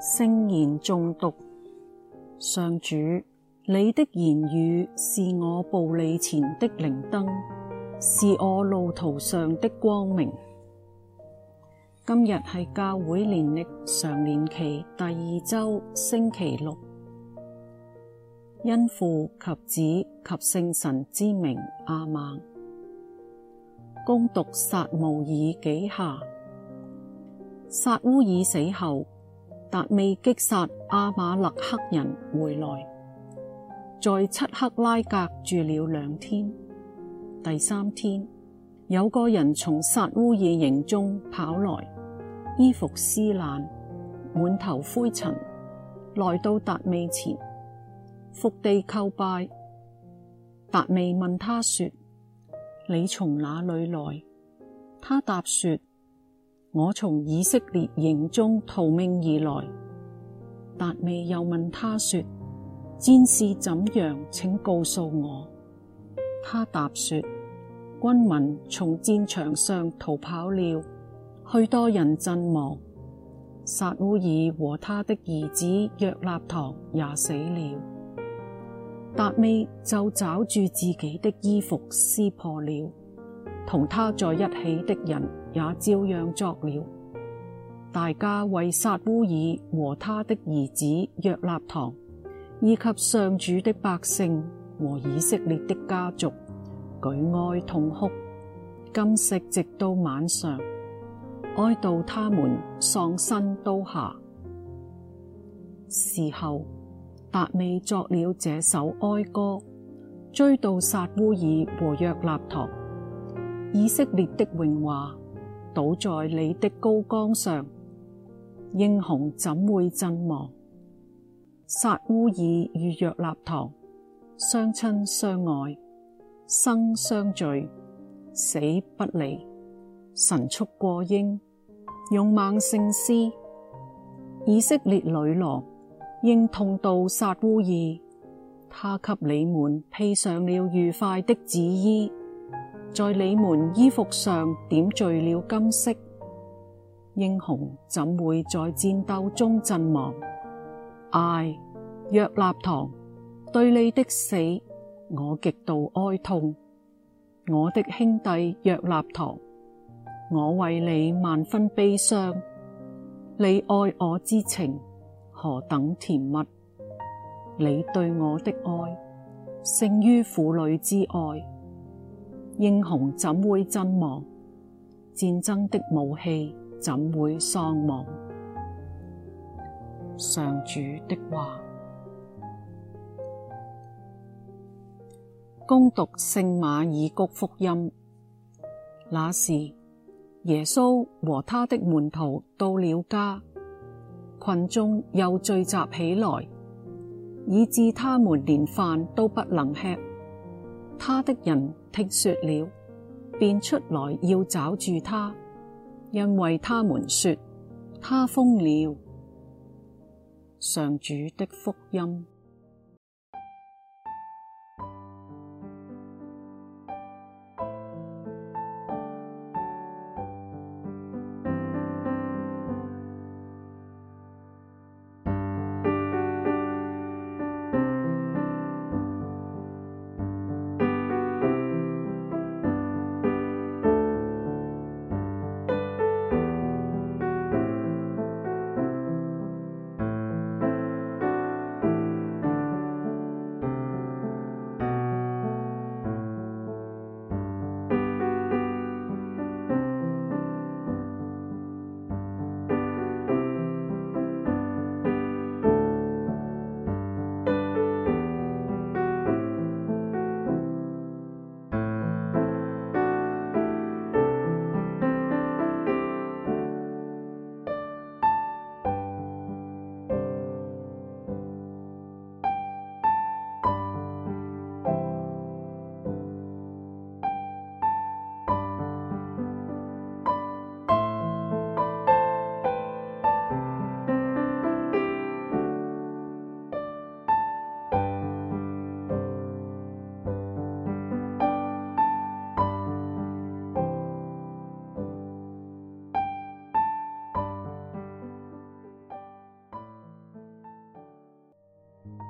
聖言誦讀，上主，你的言語是我步履前的靈燈，是我路途上的光明。今日係教會年曆常年期第二周星期六，因父及子及聖神之名亞孟，恭讀撒慕爾紀下，撒烏耳死後。達味擊殺阿瑪肋克人回來，在漆刻拉格住了兩天。第三天，有個人從撒烏耳營中跑來，衣服撕爛，滿頭灰塵，來到達味前，伏地叩拜。達味問他說：你從那裏來？他答說。我從以色列營中逃命而來，達味又問他說：戰事怎樣？請告訴我。他答說：軍民從戰場上逃跑了，許多人陣亡。撒烏耳和他的兒子約納堂也死了。達味就抓住自己的衣服撕破了，同他在一起的人。也照樣作了。大家為撒烏耳和他的兒子約納堂，以及上主的百姓和以色列的家族，舉哀痛哭，禁食直到晚上，哀悼他們喪身刀下。事後達味作了這首哀歌，追悼撒烏耳和約納堂，以色列的榮華。倒在你的高崗上，英雄怎會陣亡？撒烏耳與約納堂，相親相愛，生相聚，死不離。神速過鷹，勇猛勝獅，以色列女郎！應痛悼撒烏耳，他給你們披上了愉快的紫衣。在你們衣服上點綴了金飾，英雄怎會在戰鬥中陣亡！唉，約納堂，對你的死，我極度哀痛。我的兄弟約納堂，我為你萬分悲傷。你愛我之情何等甜蜜！你對我的愛勝於婦女之愛。英雄怎會陣亡？戰爭的武器怎會喪亡？上主的話。恭讀聖馬爾谷福音。那時，耶穌和他的門徒到了家，群眾又聚集起來，以致他們連飯都不能吃。他的人聽說了，便出來要抓住他，因為他們說他瘋了。上主的福音。